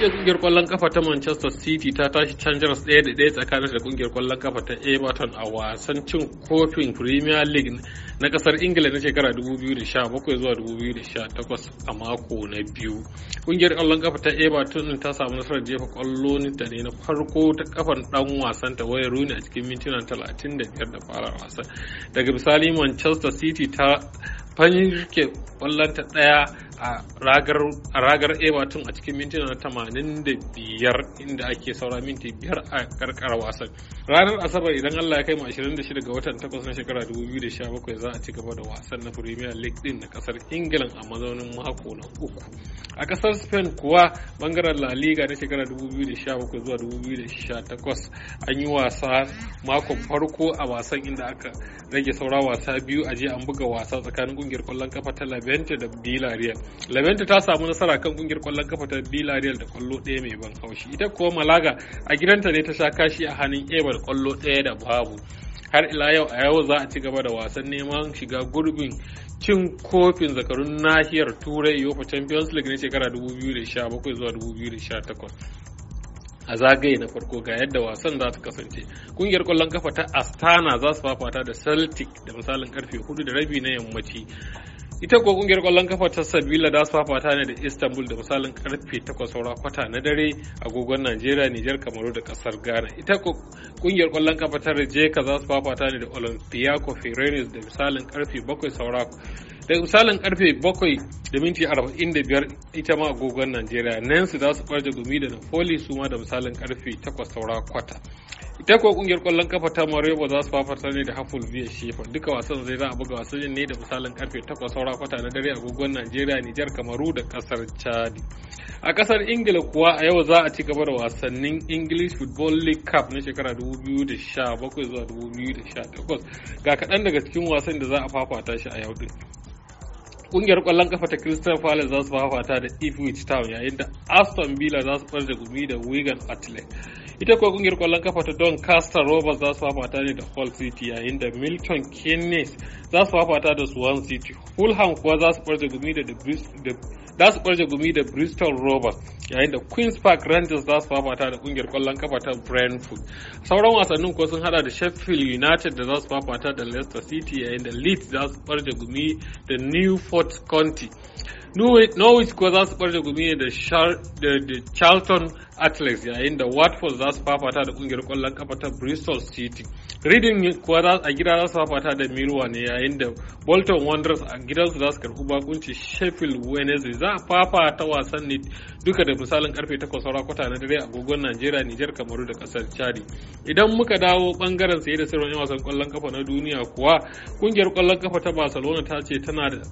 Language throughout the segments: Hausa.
jiya kungiyar kwallon kafa ta Manchester City ta tashi Changers daya da daya tsakanin da kungiyar kwallon kafa ta Everton a wasan cin kofin Premier League na kasar Ingila na shekara 2017 zuwa 2018 a mako na biyu. Kungiyar kwallon kafa ta Everton ta samu nasarar jefa kwallo da ne na farko ta kafan dan wasan ta wayar Rooney a cikin mintuna 35 da fara wasan. Daga misali Manchester City ta fanke kwallon ta daya. a ragar everton a cikin mintuna na tamanin da biyar inda ake saura minti biyar a karkara wasan ranar asabar idan allah ya kai mu 26 ga watan 8 na shekara 2017 za a ci gaba da wasan na premier league din na kasar ingila a mazaunin mako na uku a kasar spain kuwa bangaren la liga na shekara 2017 zuwa 2018 an yi wasa makon farko a wasan inda aka rage saura wasa biyu a je an buga wasa tsakanin kungiyar kwallon kafa ta la'benta da villarreal la'benta ta samu nasara kan kungiyar kwallon kafa ta villarreal da kwallo ɗaya mai ban haushi ita kuwa malaga a gidanta ne ta sha kashi a hannun ebar kwallo ɗaya da babu har ila yau a yau za a ci gaba da wasan neman shiga gurbin cin kofin zakarun nahiyar turai yofa champions league na shekara 2017 zuwa 2018 a zagaye na farko ga yadda wasan za su kasance kungiyar kwallon kafa ta astana za su fafata da celtic da misalin karfe hudu da rabi na yammaci ita kuwa kungiyar kwallon kafa ta sabila da su fafata ne da istanbul da misalin karfe 8 saura kwata na dare agogon najeriya nijar kamaru da kasar ghana ita kuwa kungiyar kwallon kafa ta rijeka za su fafata ne da olympiaco ferenis da misalin karfe 7 saura daga misalin karfe 7 da minti 45 ita ma agogon najeriya nancy za su kwarje gumi da napoli su ma da misalin karfe 8 saura kwata ita kuwa kungiyar kwallon kafa ta Marebo za su fafata ne da Haful Biya Shefa duka wasan zai za a buga wasan ne da misalin karfe 8 saura kwata na dare agogon Najeriya, Nijar, Kamaru da kasar Chad. A kasar Ingila kuwa a yau za a ci gaba da wasannin English Football League Cup na shekara 2017 zuwa 2018 ga kaɗan daga cikin wasan da za a fafata shi a yau din. kungiyar kwallon kafa ta crystal palace za su fafata da ipswich town yayin da aston villa za su bar da gumi da wigan athletic ita kuwa kungiyar kwallon kafa ta doncaster rovers za su fafata ne da hull city yayin da milton keynes za su fafata da swansea city fulham kuwa za su da gumi da za su barje gumi da bristol rovers yayin da queens park rangers za su fafata da kungiyar kwallon kafa ta brentford sauran wasannin ko sun hada da sheffield united da za su fafata da leicester city yayin da leeds za su barje gumi da newport county norwich kuwa za su barje gumi da charlton athletics yayin da watford za su fafata da kungiyar kwallon kafa ta bristol city reading kuwa a gida za su fafata da mirwa ne yayin da bolton wanderers a gidansu za su karbi bakunci sheffield wednesday za a fafata wasan ne duka da misalin karfe 8 saura kwata na dare agogon najeriya nijar kamaru da kasar chadi idan muka dawo ɓangaren saye da sirrin wasan kwallon kafa na duniya kuwa kungiyar kwallon kafa ta barcelona ta ce tana da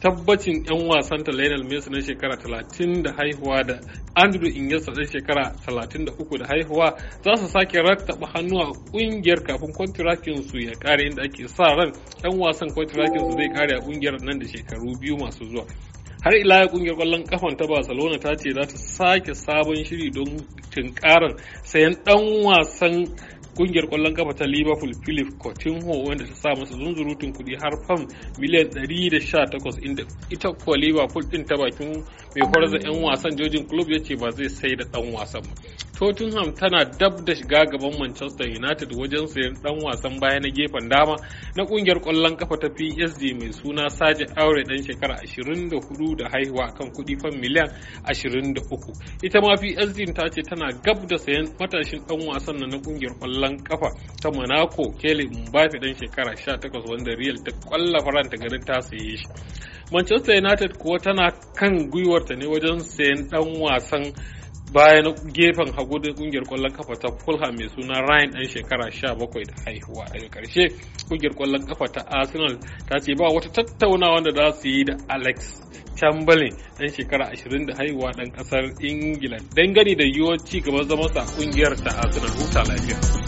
tabbacin 'yan wasan ta Lionel Messi na shekara 30 da haihuwa da Andrew Iniesta na shekara 33 da haihuwa za su sake rattaba hannu a kungiyar kafin kwantirakin su ya kare inda ake sa ran 'yan wasan kwantirakin su zai kare a kungiyar nan da shekaru biyu masu zuwa. har ila ya kungiyar kwallon kafan ta barcelona ta ce za ta sake sabon shiri don tunkarar sayan dan wasan kungiyar kwallon kafa ta liverpool philip coutinho wanda ta sa masa zunzurutun kudi har fam miliyan 118 inda ita kuwa liverpool din ta bakin mai kwarza 'yan wasan jojin club ya ce ba zai sai da dan wasan Tottenham tana dab da shiga gaban Manchester United wajen sayan dan wasan baya na gefen dama na kungiyar kwallon kafa ta PSG mai suna Saje Aure dan shekara 24 da haihuwa kan kudi fan miliyan 23. Ita ma PSG ta ce tana gab da sayan matashin dan wasan na kungiyar kwallon kafa ta Monaco Kelly Mbappe dan shekara 18 wanda Real ta kwalla faranta garin ta saye shi. Manchester United kuwa tana kan gwiwarta ne wajen sayan dan wasan baya na gefen hagu da kungiyar kwallon kafa ta Fulham mai suna Ryan dan shekara 17 da haihuwa daga karshe kungiyar kwallon kafa ta Arsenal ta ce ba wata tattaunawa da za su yi da Alex Chamberlain dan shekara 20 da haihuwa dan kasar Ingila dangane da yiwuwar ci gaba gaban sa kungiyar ta Arsenal huta lafiya